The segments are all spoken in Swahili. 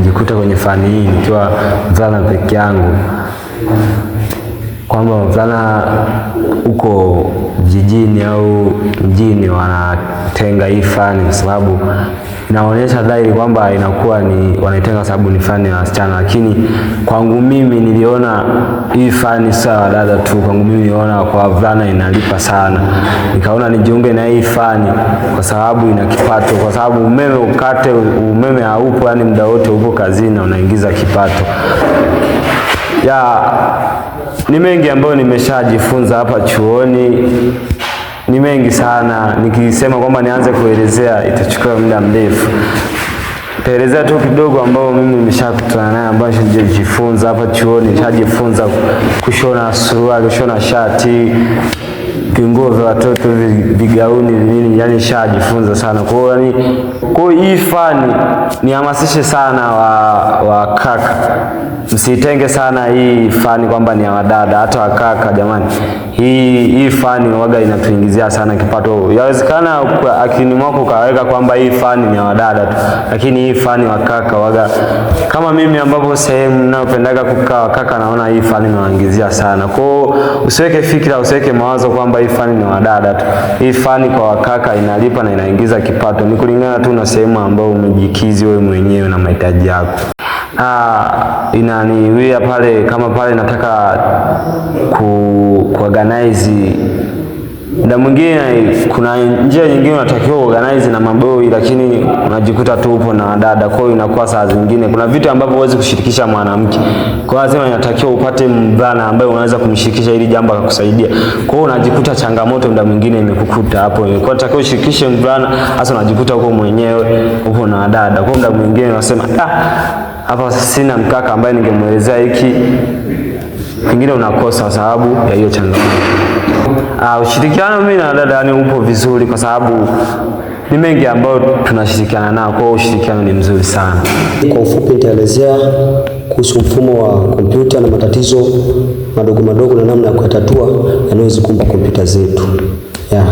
nimejikuta kwenye fani hii nikiwa mvulana peke yangu, kwamba mvulana huko vijijini au mjini wanatenga hii fani kwa sababu inaonyesha dhahiri kwamba inakuwa ni wanaitenga sababu ni fani ya wasichana, lakini kwangu mimi niliona hii fani sawa dada tu. Kwangu mimi niliona kwa wavulana inalipa sana, nikaona nijiunge na hii fani kwa sababu ina kipato, kwa sababu umeme ukate, umeme haupo, yani muda wote upo kazini na unaingiza kipato ya ni mengi ambayo nimeshajifunza hapa chuoni mengi sana, nikisema kwamba nianze kuelezea itachukua muda mrefu. taelezea tu kidogo ambao mimi nimeshakutana naye ambayo nilijifunza hapa chuoni. Nishajifunza kushona suruali, kushona shati vinguo vya watoto vigauni nini, yani shajifunza sana. Kwa hiyo yani, kwa hii fani nihamasishe sana wa, wa kaka, msitenge sana hii fani kwamba ni ya wadada, hata wa kaka jamani, hii hii fani waga inatuingizia sana kipato. Yawezekana akini mwako kaweka kwamba hii fani ni ya wadada tu, lakini hii fani wa kaka waga, kama mimi ambapo sehemu ninayopendaga kukaa kaka, naona hii fani inawaingizia sana. Kwa hiyo usiweke fikra, usiweke mawazo kwamba fani ni wadada tu. Hii fani kwa wakaka inalipa na inaingiza kipato, ni kulingana tu na sehemu ambayo umejikizi wewe mwenyewe na mahitaji yako. Ah, inaniwia pale kama pale nataka ku, ku organize muda mwingine kuna njia nyingine unatakiwa organize na maboi, lakini unajikuta tu upo na dada. Kwa hiyo inakuwa saa zingine kuna vitu ambavyo huwezi kushirikisha mwanamke, kwa hiyo lazima inatakiwa upate mdhana ambaye unaweza kumshirikisha ili jambo akakusaidia. Kwa hiyo unajikuta changamoto muda mwingine imekukuta hapo, kwa unatakiwa ushirikishe mvulana, hasa unajikuta uko mwenyewe upo na dada. Kwa hiyo muda mwingine unasema ah, hapa sina mkaka ambaye ningemwelezea hiki, kingine unakosa sababu ya hiyo changamoto. Uh, ushirikiano mimi na dada yani upo vizuri kwa sababu ni mengi ambayo tunashirikiana nao, kwa hiyo ushirikiano ni mzuri sana. Kwa ufupi nitaelezea kuhusu mfumo wa kompyuta na matatizo madogo madogo na namna ya kuyatatua yanayozikumba kompyuta zetu. Yeah.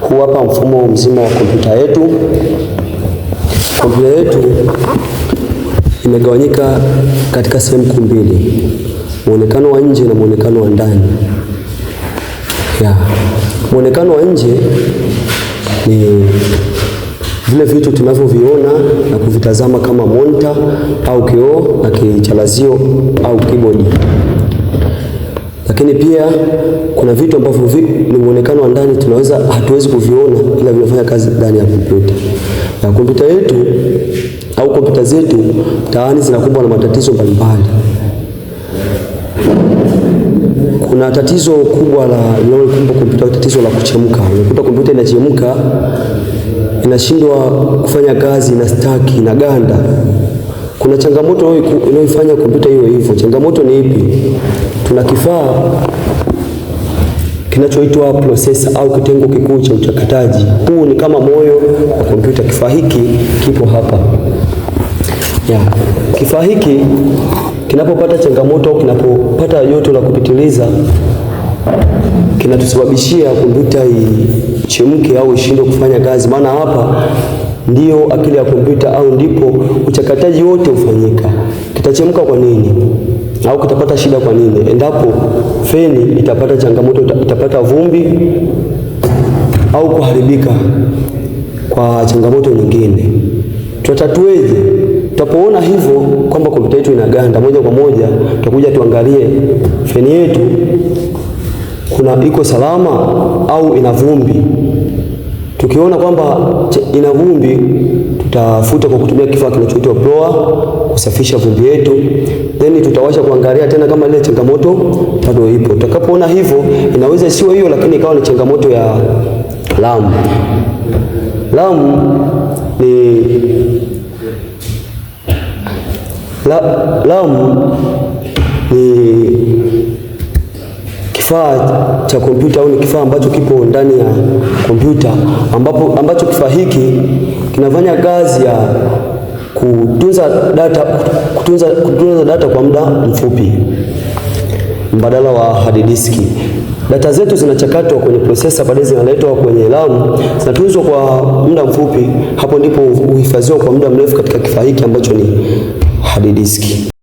Huu hapa mfumo mzima wa kompyuta yetu. Kompyuta yetu imegawanyika katika sehemu kuu mbili, muonekano wa nje na muonekano wa ndani. Ya. Mwonekano wa nje ni vile vitu tunavyoviona na kuvitazama kama monta au kioo na kichalazio au kibodi, lakini pia kuna vitu ambavyo vi, ni mwonekano wa ndani tunaweza hatuwezi kuviona ila vinafanya kazi ndani ya kompyuta. Na kompyuta yetu au kompyuta zetu taani zinakumbwa na matatizo mbalimbali kuna tatizo kubwa la linalokumba kompyuta, tatizo la kuchemka. Unakuta kompyuta inachemka, inashindwa kufanya kazi, ina staki, ina ganda. Kuna changamoto inayoifanya kompyuta hiyo hivyo. Changamoto ni ipi? Tuna kifaa kinachoitwa processor au kitengo kikuu cha uchakataji. Huu ni kama moyo wa kompyuta. Kifaa hiki kipo hapa. Yeah. Kifaa hiki kinapopata changamoto au kinapopata joto la kupitiliza kinatusababishia kompyuta ichemke au ishindwe kufanya kazi, maana hapa ndio akili ya kompyuta au ndipo uchakataji wote hufanyika. Kitachemka kwa nini au kitapata shida kwa nini endapo feni itapata changamoto, itapata vumbi au kuharibika kwa changamoto nyingine? Tutatueje? Tutapoona hivyo kwamba kompyuta yetu inaganda, moja kwa moja tutakuja tuangalie feni yetu kuna iko salama au ina vumbi. Tukiona kwamba ina vumbi, tutafuta kwa kutumia kifaa kinachoitwa blower kusafisha vumbi yetu, then tutawasha kuangalia tena kama ile changamoto bado ipo. Tutakapoona hivyo, inaweza sio hiyo, lakini ikawa ni changamoto ya lamu. Lamu ni la, lamu ni kifaa cha kompyuta au ni kifaa ambacho kipo ndani ya kompyuta ambapo, ambacho kifaa hiki kinafanya kazi ya kutunza data, kutunza, kutunza data kwa muda mfupi mbadala wa hard disk. Data zetu zinachakatwa kwenye prosesa, baadaye zinaletwa kwenye RAM, zinatunzwa kwa muda mfupi. Hapo ndipo huhifadhiwa kwa muda mrefu katika kifaa hiki ambacho ni hadi